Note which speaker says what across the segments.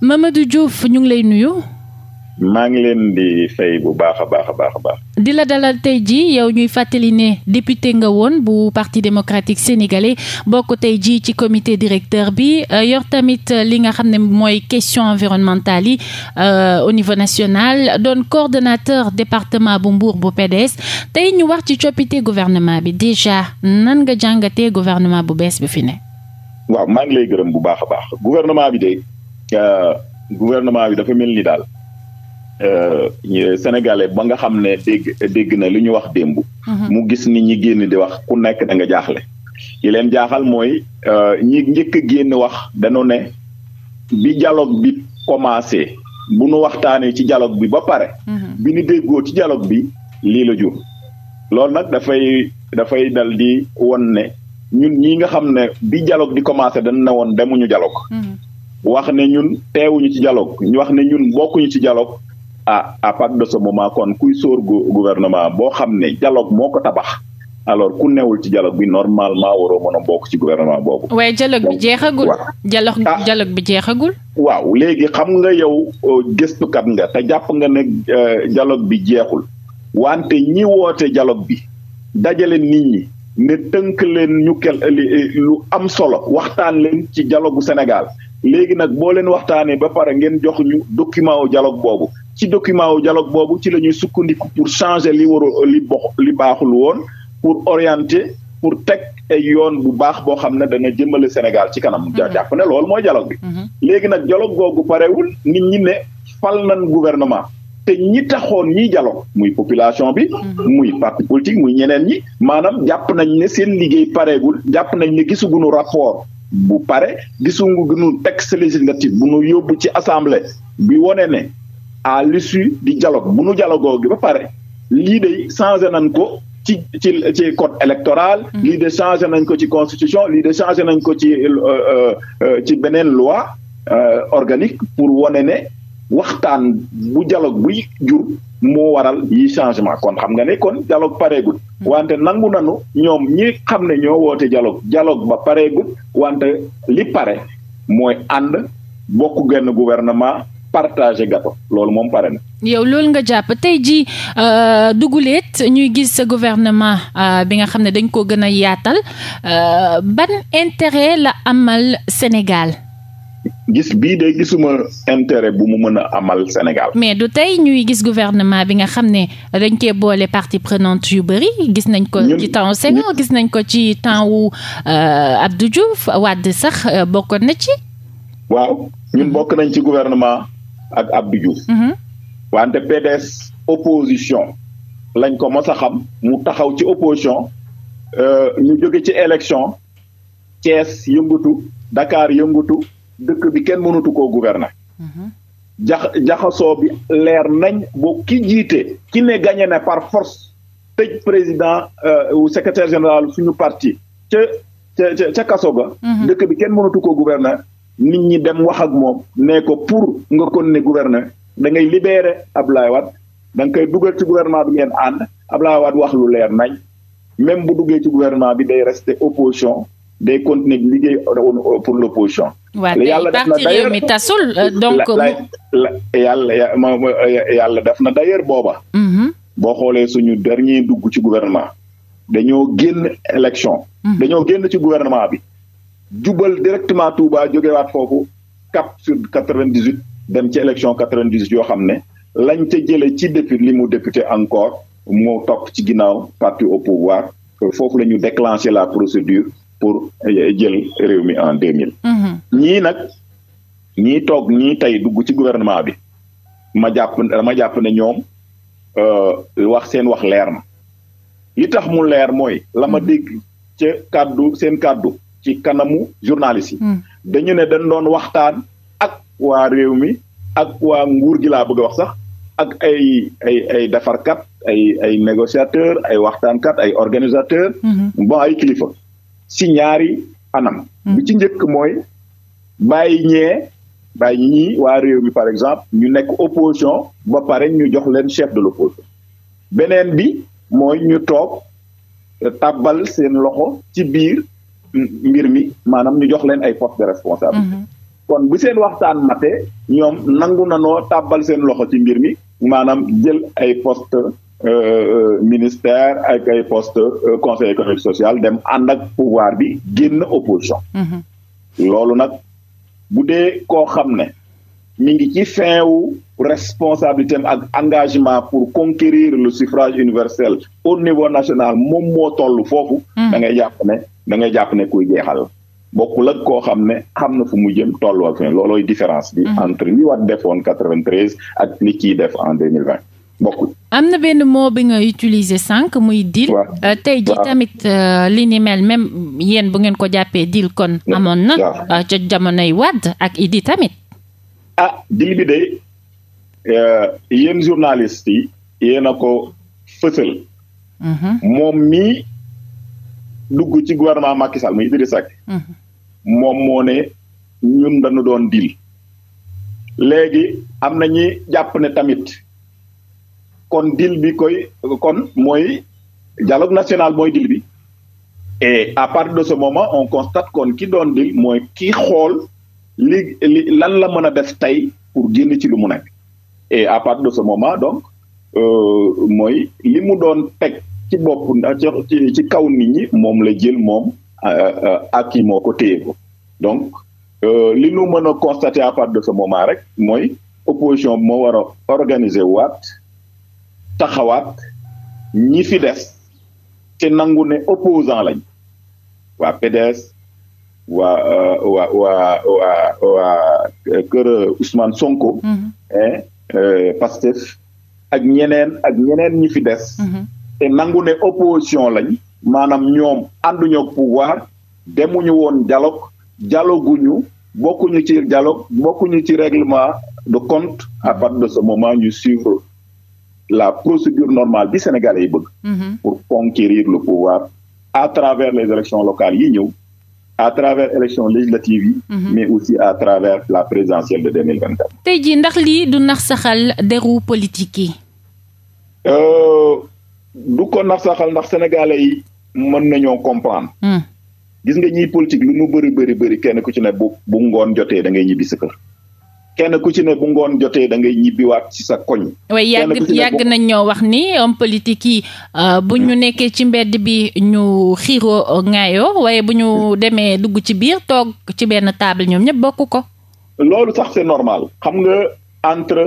Speaker 1: Mamadou Diouf ñu ngi lay nuyu.
Speaker 2: maa ngi leen di fay bu baax a baax a baax
Speaker 1: di la dalal tey jii yow ñuy fàttali ne député nga woon bu parti démocratique sénégalais bokk tey jii ci commité directeur bi euh, yor tamit li nga xam ne mooy question environnementale yi euh, au niveau national doon coordonnateur département bu Mbour bu PDS tey ñu wax ci coppite gouvernement bi déjà nan nga jàngatee gouvernement bu bees bi fi ne.
Speaker 2: waaw maa ngi lay gërëm bu baax a baax gouvernement Euh, gouvernement bi dafa mel ni daal euh, sénégalais ba nga xam ne dégg dégg na lu ñu wax démb. Mhm. mu gis ni ñi génn di wax ku nekk danga nga jaaxle. yi leen jaaxal mooy euh, ñi njëkk génn wax dañoo ne bi dialogue bi commencé bu nu waxtaanee ci dialogue bi ba pare. Mhm. bi ñu déggoo ci dialogue bi lii la jur. loolu nag dafay dafay dal di won ne ñun ñi nga xam ne bi dialogue di commencé dañ ne woon demuñu dialogue. Mhm. wax ne ñun teewuñu ci dialogue ñu wax ne ñun bokkuñu ci dialogue à ah, à partir de ce moment kon kuy sóor gouvernement boo xam ne dialogue moo ko tabax alors ku newul ci dialogue bi normalement waroo mën a bokk ci gouvernement boobu.
Speaker 1: waaye dialogue bi jeexagul. dialogue ah. dialogue bi jeexagul.
Speaker 2: waaw léegi xam nga yow euh, gëstukat nga te jàpp nga ne euh, dialogue bi jeexul wante ñi woote dialogue bi dajale nit ñi ne tënk leen ñu kel lu am solo waxtaan leen ci dialogue bu Sénégal. léegi nag boo leen waxtaanee ba pare ngeen jox ñu document wu dialogue boobu ci document wu dialogue boobu ci la ñuy sukkandiku pour changer li war li box li baaxul woon pour orienter pour teg a yoon bu baax boo xam ne danga jëmale Sénégal ci kanam. Mhm. jàpp ne loolu mooy dialogue bi. Mhm. léegi nag dialogue googu parewul nit ñi ne fal nañ gouvernement. te ñi taxoon ñi dialogue muy population bi. Mhm. muy parti politique muy ñeneen ñi. maanaam jàpp nañ ne seen liggéey pareegul jàpp nañ ne gisugunu rapport. bu pare gisungu texte législatif bu nu yóbbu ci assemblée bi wone ne à l'issue di dialogue bu nu dialogoo gi ba pare lii de changé nañ ko ci ci ci code électoral mm. lii de changé nañ ko ci constitution lii de changé nañ ko ci euh, euh, euh, ci beneen loi organique pour wone ne waxtaan bu dialogue buy jur moo waral yi changement kon xam nga ne kon dialogue pareegul Hmm. wante nangu nanu ñoom ñi xam ne ñoo woote dialogue dialogue ba pare pareegut wante li pare mooy ànd bokk genn gouvernement partagé gâteau loolu moom pare na.
Speaker 1: yow loolu nga jàpp tey jii euh, duguleet ñuy gis sa gouvernement euh, bi nga xam ne dañ ko gën a yaatal euh, ban intérêt la amal Sénégal.
Speaker 2: gis bii de gisuma intérêt bu mu mën a amal Sénégal.
Speaker 1: mais du tey ñuy gis gouvernement bi nga xam ne dañ cee boole partie prenante yu bëri gis nañ ko. ci temps Senghor gis nañ ko ci temps wu euh, Abdou Diouf Wade sax euh, bokkoon na ci.
Speaker 2: waaw ñun bokk nañ ci gouvernement ak Abdou Diouf. Mm-hmm. wante lañ ko mos a xam mu taxaw ci opposition euh, ñu jóge ci élection Thiès yëngatu Dakar yëngatu. dëkk bi kenn mënatu koo gouverner. Mhm. jax jaxasoo bi leer nañ boo ki jiite ki ne gagné na par force tëj président euh, ou secrétaire général suñu parti ca ca ca kaso ga mhm. dëkk bi kenn mënatu ko gouverner nit ñi dem wax ak moom nee ko pour nga kon ne gouverner da ngay libérer Abdoulaye Wade da nga koy dugal ci gouvernement bi ngeen ànd Abdoulaye Wade wax lu leer nañ même bu duggee ci gouvernement bi day rester opposition day continuer liggéey pour l' opposition waaw yàlla def na d'ailleurs mi tasul euh, donc yàlla yàlla def na d'ailleurs booba mm-hmm. boo xoolee suñu dernier dugg ci gouvernement dañoo génn élection mm-hmm. dañoo génn ci gouvernement bi jubal directement Touba jógewaat foofu cap sur quatre-vingt-dix-huit dem ci élection quatre dix huit yoo xam ne lañ ca jëlee ci député li mu député encore moo topp ci ginnaaw parti au pouvoir foofu la ñu déclenché la procédure pour euh, jël réew mi en ñii nag ñii toog ñii tey dugg ci gouvernement bi ma jàpp ma jàpp ne ñoom euh, wax seen wax leer na li tax mu leer mooy lama ma mm. dégg ca kàddu seen kàddu ci kanamu journaliste yi mm. dañu ne dañ doon waxtaan ak wa réew mi ak waa nguur gi laa wax sax ak ay ay ay defarkat ay ay négociateur ay waxtaankat ay organisateur mm-hmm. bon ay kilifa si ñaari anam mm. bi ci njëkk mooy bàyyi ñee bàyyi ñii waa réew mi par exemple ñu nekk opposition ba pare ñu jox leen chef de l'opposition beneen bi mooy ñu toog euh, tàbbal seen loxo ci biir mbir mi maanaam ñu jox leen ay post de responsabilité mm-hmm. kon bu seen waxtaan mate ñoom nangu na noo tàbbal seen loxo ci mbir mi maanaam jël ay post euh, euh, ministère ak ay poste conseil économique social dem ànd ak pouvoir bi génn opposition mm-hmm. loolu nag bu dee koo xam ne mi ngi ci fin wu responsabilité ak engagement pour conquérir le suffrage universel au niveau national moom moo toll foofu. Hmm. da ngay jàpp ne da ngay jàpp ne kuy jeexal. bokkul ak koo xam ne xam na fu mu jëm tolluwaat fi loolooy différence bi. Hmm. entre li wat defoon quatre-vingt-treize ak li kii def en deux bokkul.
Speaker 1: am na benn mot bi nga utiliser sànq muy deal. Euh, tey ji tamit euh, li ni mel bu ngeen ko jàppee deal kon. amoon na euh, ca jamonoy Wade ak Idi tamit.
Speaker 2: ah deal bi de yéen journaliste yi yéen a ko fësal. Mhm. moom mii dugg ci gouvernement Macky mhm. moom moo ne ñun dañu doon deal. léegi am na ñi jàpp ne tamit. kon dil bi koy kon mooy dialogue national mooy dil bi e à partir de ce moment on constate kon ki doon dil mooy ki xool li lan la mën a def tey pour génn ci lu mu nekk et à partir de ce moment donc e mooy li mu doon teg ci bopp ci ci kaw nit ñi moom la jël moom euh, euh, ak yi moo ko téye ko donc li nu mën a constater à de ce moment rek mooy opposition moo war a organiser waat taxawaat ñi fi des te nangu ne opposant lañ waa PDS euh, waa waa waa waa kër Ousmane Sonko. Mm-hmm. Eh, euh, Pastef ak ñeneen ak ñeneen ñi fi des. Mm-hmm. te nangu ne opposition lañ. maanaam ñoom ànduñu ak demuñu woon dialogue dialoguñu bokkuñu ci dialogue bokkuñu ci règlement de compte à de ce moment ñu suivre. la procédure normale bi Sénégalais yi bëgg. Mhm. pour conquérir le pouvoir à travers les élections locales yi ñëw. à travers élection législative yi. Mhm. mais aussi à travers la présidentielle de deux mille vingt
Speaker 1: jii ndax lii du nax saxal deru politique yi.
Speaker 2: Euh, du ko nax saxal ndax sénégalais yi mën nañoo comprendre. Hmm. gis nga ñiy politique lu mu bëri bëri bëri kenn ku ci ne bu bu ngoon jotee da ngay ñibbi sa kenn ku bu ngoon jotee da ngay ñibbiwaat ci sa koñ. way yàgg
Speaker 1: nañ ñoo wax ni homme politique yi euh, bu ñu nekkee ci mbedd bi ñu xiiroo ŋaayoo waaye bu ñu demee dugg ci biir toog ci benn table ñoom ñëpp bokk ko.
Speaker 2: loolu sax c'est normal xam nga entre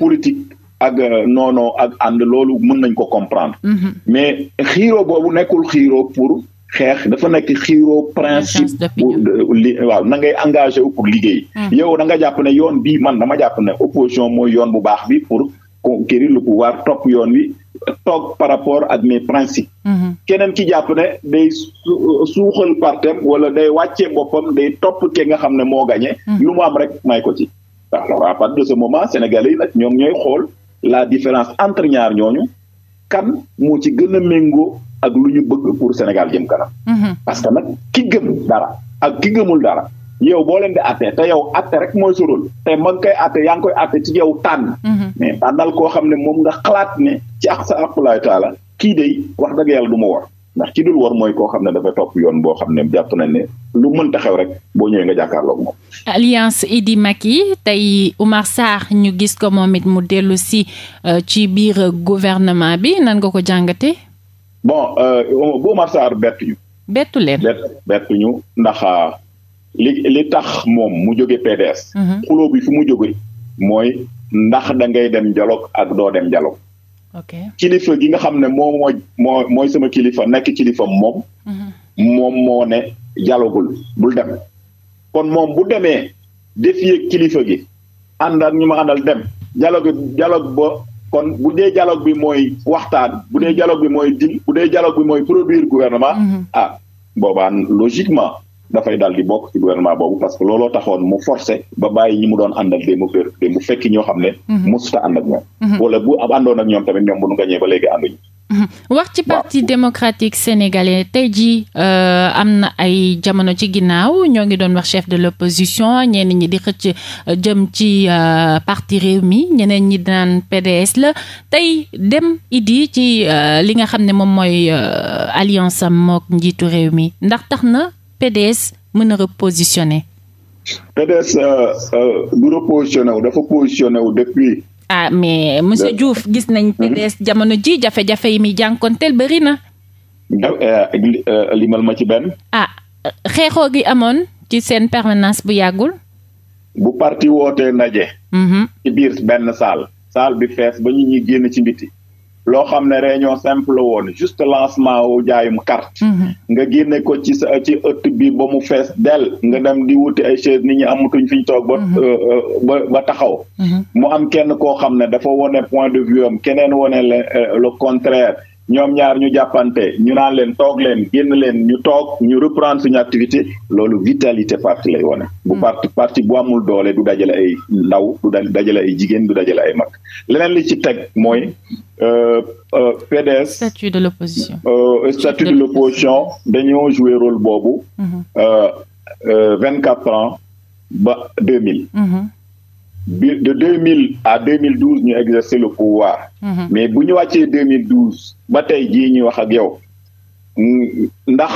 Speaker 2: politique ak euh, noonoo ak ànd loolu mën nañ ko comprendre. Mhm. mais xiiroo boobu nekkul xiiroo pour. xeex dafa nekk xiiroo principe euh, li waaw na ngay engagé wu pour liggéey hmm. yow da nga jàpp ne yoon bii man dama jàpp ne opposition mooy yoon bu baax bi pour conquérir le pouvoir topp yoon wi toog par rapport ak mes principes hmm. keneen ki jàpp ne day euh, suuxal partem wala day wàccee boppam day topp ke nga xam ne moo gañe hmm. lu mu am rek may ko ci alors à partir de ce moment sénégalais la différence entre ñaar ñooñu kan moo ci gën a méngoo ak lu ñu bëgg pour Sénégal jëm kanam. Mhm. parce que nag ki gëm dara ak ki gëmul dara. yow boo leen di àtte te yow àtte rek mooy sorol te ma ngi koy àtte yaa ngi koy àtte ci yow tànn. Mhm. koo xam ne moom nga xalaat ne taala kii day wax dëgg yàlla du ma war ndax ki dul war mooy koo xam ne dafa topp yoon boo xam ne jàpp nañ ne lu mënta xew rek boo ñëwee nga jàkkaarloog moom.
Speaker 1: alliance Idy Macky tey Oumar Sarr ñu gis ko moom it mu dellu si euh, ci biir gouvernement bi nan nga ko jàngatee.
Speaker 2: bon bu euh, Omar Sarr bettuñu. bettu leen bettuñu ndax euh, li tax moom mu jóge PDS. Mhm. xuloo bi fu mu jóge mooy ndax dangay dem dialogue ak doo dem dialogue. ok kilifa gi nga xam ne moom mooy sama kilifa nekk kilifa moom. Mhm. moom moo ne bul dem. kon moom bu demee défier kilifa gi ànd ak ñu ma àndal dem dialogue dialogue ba. kon bu dee dialogue bi mooy waxtaan bu dee dialogue bi mooy dil bu dee dialogue bi mooy produire gouvernement mhm. ah boobaa logiquement dafay dal di bokk ci gouvernement boobu parce que looloo taxoon mu forcé ba bàyyi ñi doon àndal de mu fekki ñoo xam ne mosuta mhm. ànd ak ñoom mhm. wala bu am àndoon ñoom tamit ñoom bu nu gañee ba léegi ànduñu
Speaker 1: wax ci parti démocratique sénégalais tey jii euh, am na ay jamono ci ginnaaw ñoo ngi doon wax chef de l'opposition ñenn ñi di xëcc euh, jëm ci euh, parti mi ñeneen ñi daan PDS la tey dem Idi ci li nga xam ne moom mooy alliance am mook njiitu mi ndax tax na PDS mën a repositionner
Speaker 2: PDS du repositionner dafa positionner depuis ah mais monsieur
Speaker 1: Diouf gis nañ hmm? PDS jamono ji jafe-jafe yi muy jànkonteel bëri na.
Speaker 2: Eh, eh, limal ma ci benn.
Speaker 1: ah xeexoo gi amoon ci seen permanence bu yàggul.
Speaker 2: bu parti wootee ndaje. Mm-hmm. ci biir benn saal. saal bi fees ba ñu ñuy génn ci mbiti loo xam ne réunion simple woon juste lancement wu jaayum carte mhm. nga génne ko ci sa ci bi ba mu fees dell nga dem di wuti ay chaise nit ñi amatuñ fi ñu toog ba mhm. euh, euh, ba ba taxaw mhm. mu am kenn koo xam ne dafa wone point de vue am keneen wone le euh, contraire ñoom ñaar ñu jàppante ñu naan leen toog leen génn leen ñu toog ñu reprendre suñu activité loolu vitalité parti lay wane. bu hmm. parti parti bu amul doole du dajale ay ndaw du dajale ay jigéen du dajale ay mag leneen li ci teg mooy euh, euh, PDS. statut de l'opposition euh, statut de l'opposition dañoo jouer rôle boobu. Hmm. vingt quatre ans ba deux mille. Hmm. bi de 2000 à 2012 ñu exercer le pouvoir. Mmh. bu ñu wàccee 2012 ba tey jii ñuy wax ak yow ndax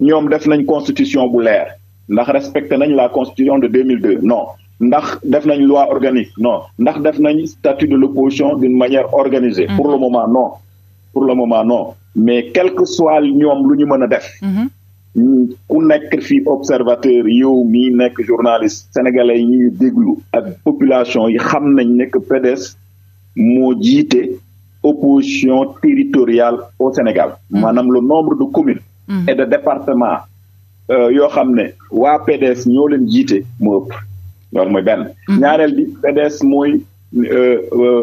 Speaker 2: ñoom def nañ constitution bu leer ndax respecté nañ la constitution de 2002 non ndax def nañ loi organique non ndax def nañ statut de l'opposition d'une manière organisée. Mhm. pour le moment no pour le moment non mais quelque que soit ñoom lu ñu mën a def. Mhm. ku nekk fi observateur yow mii nekk journaliste sénégalais yi ñuy déglu ak population yi xam nañ ne que PDS moo jiite opposition territoriale au Sénégal. Mm. maanaam le nombre de communes. Mm. et de départements euh, yoo xam ne waa PDS ñoo leen jiite moo ëpp loolu mooy benn. Mm. ñaareel mooy euh, euh,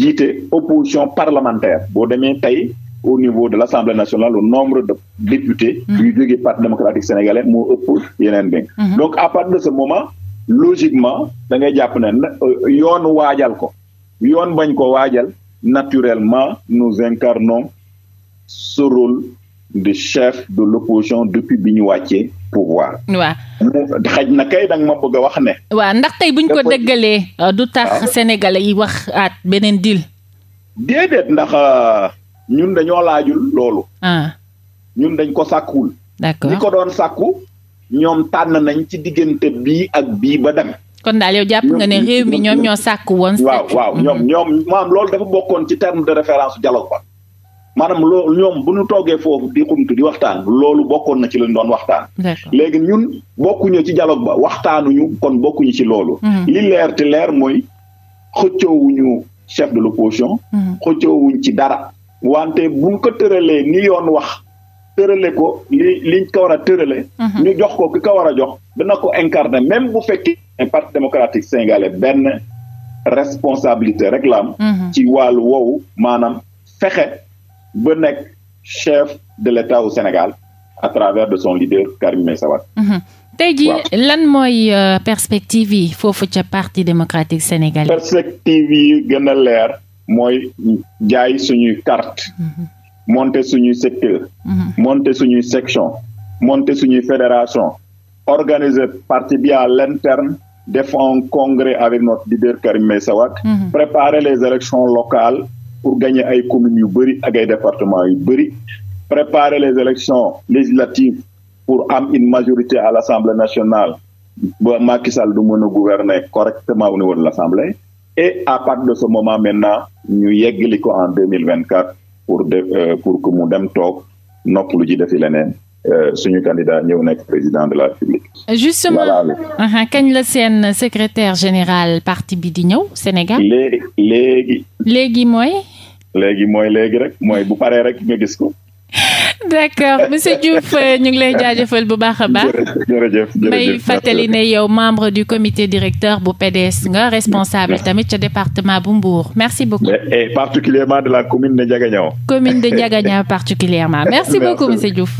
Speaker 2: jiite opposition parlementaire boo demee tey. au niveau de l' assemblée nationale le nombre de députés. yu mm. jógee parti démocratique sénégalais moo ëpp yeneen bi. Mm-hmm. donc à partir de ce moment logiquement da jàpp ne euh, yoon waajal ko yoon bañ ko waajal naturellement nous incarnons ce rôle de chef de l'opposition depuis bi ñu wàccee pouvoir. waaw xaj na kay danga ma bëgg a wax ne.
Speaker 1: waaw ndax tey buñ ko dëggalee. Euh, du tax ah. sénégalais yi wax aat beneen deal.
Speaker 2: déedéet ndax. Euh, ñun dañoo laajul loolu. Ah. ñun dañ ko sàkkuwul. d'accord ñi ko doon sàkku ñoom tànn nañ ci diggante bii ak bii ba dem.
Speaker 1: kon daal yow jàpp nga ne réew mi ñoom ñoo sàkk woon. waaw waaw
Speaker 2: mm-hmm. ñoom ñoom loolu dafa bokkoon ci terme de référence dialogue ba maanaam loolu ñoom bu nu toogee foofu di xumtu di waxtaan loolu bokkoon na ci lañ doon waxtaan. léegi ñun bokkuñu ci dialogue ba waxtaanuñu kon bokkuñu ci loolu. Mm-hmm. li leer te leer mooy xëccoowuñu chef de l'opposition. Mm-hmm. xëccoowuñ ci dara. wante bu buñ ko tëralee ni yoon wax tërale ko li liñ ko war a tërale mhm. ñu jox ko ki ko war a jox dana ko incarner même bu fekkee parti démocratique sénégalais benn responsabilité rek la am mhm. ci wàllu woowu maanaam fexe ba nekk chef de l'État au Sénégal à travers de son leader Karim Meïssa Wade
Speaker 1: mhm. tey ji lan mooy euh, perspective yi foofu ca parti démocratique sénégalais
Speaker 2: perspective yi gën a leer mooy jaay suñuy carte mm-hmm. monter suñuy secteur mm-hmm. monter suñuy section monter suñuy fédération organiser parti bi à l'interne def un congrès avec notre leader Karim Meïssa Wade mm-hmm. préparer les élections locales pour gagner ay communes yu bëri ak département yu bëri préparer les élections législatives pour am une majorité à l'Assemblée nationale ba Macky Sall du mën a gouverner correctement au niveau de l'Assemblée et à partir de ce moment maintenant ñu yeggali ko en deux mille vingt quatre pour de euh, pour mu dem toog noppalu ji defi leneen euh, suñu candidat ñëw nekk président de la République. justement uh-huh,
Speaker 1: kañ la seen secrétaire général parti bi di ñëw Sénégal.
Speaker 2: léegi léegi. mooy. léegi mooy léegi rek mooy bu paree rek ñu gis ko.
Speaker 1: d'accord monsieur Diouf euh, ñu ngi lay jaajëfal bu baax a
Speaker 2: baax. may fàttali ne
Speaker 1: yow membre du comité directeur bu PDS nga responsable tamit ca département bu Mbour merci beaucoup. et
Speaker 2: particulièrement de la de Ndiaganiao.
Speaker 1: commune de Ndiaganiao monsieur Diouf.